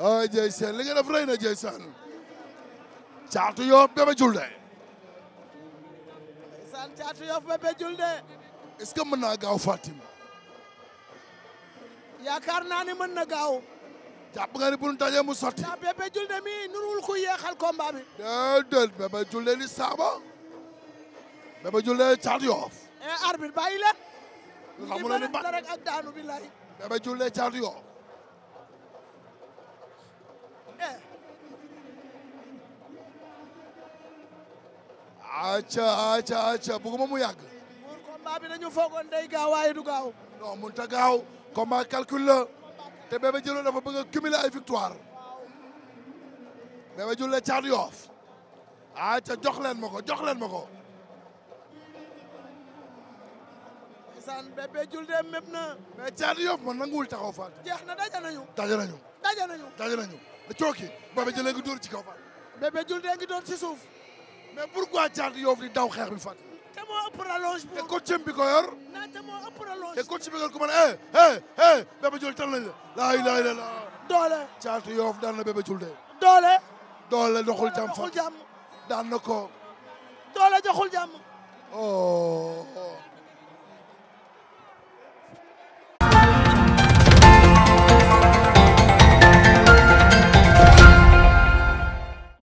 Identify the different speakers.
Speaker 1: ah Ndiaye Sène li nga def rëy na Ndiaye Sène caatu Yoff Bébé Diouldé. Sane caatu Yoff Bébé Diouldé. est-ce mën naa gaaw Fatim. yaakaar naa ne mën na gaaw. jàpp nga ni bu nu mu sotti. ndax Bébé Diouldé mi nurul ku yeexal combat bi. déedéet Bébé Diouldé ni saaba. Bébé Diouldé caatu Yoff. eh arbitre bàyyi leen. xamu ni ba a dara ak daanu bi lay. Bébé Diouldé caatu Yoff. acca acca acca bëgguma mu yàgg. pour combat bi dañu foogoon day gaaw waaye du gaaw. non mënut gaaw combat calcul la te Bébé Diouldé dafa bëgg a cumuler ay victoire Bébé Diouldé caatu Yoff acca jox leen ma ko jox leen ma ko. san Bébé Diouldé mépp na. mais caatu Yoff man nanguwul taxaw faat. jeex na daje nañu. daje nañu. daje nañu. daje nañu. cooki Bébé Diouldé ngi dóor ci kaw faat. Bébé Diouldé ngi dóor ci suuf. mais pourquoi Thiatou Yoff di daw xeex bi fàtt te moo ëpp rallonge te coach bi ko yor te moo ëpp rallonge te coach bi ko yor ku man eh eh eh Bébé Diouldé tan la laa ilaaha illallaah doole Thiatou Yoff daan na Bébé Diouldé doole doole doxul jàmm fàtt daan na ko doole joxul jàmm oh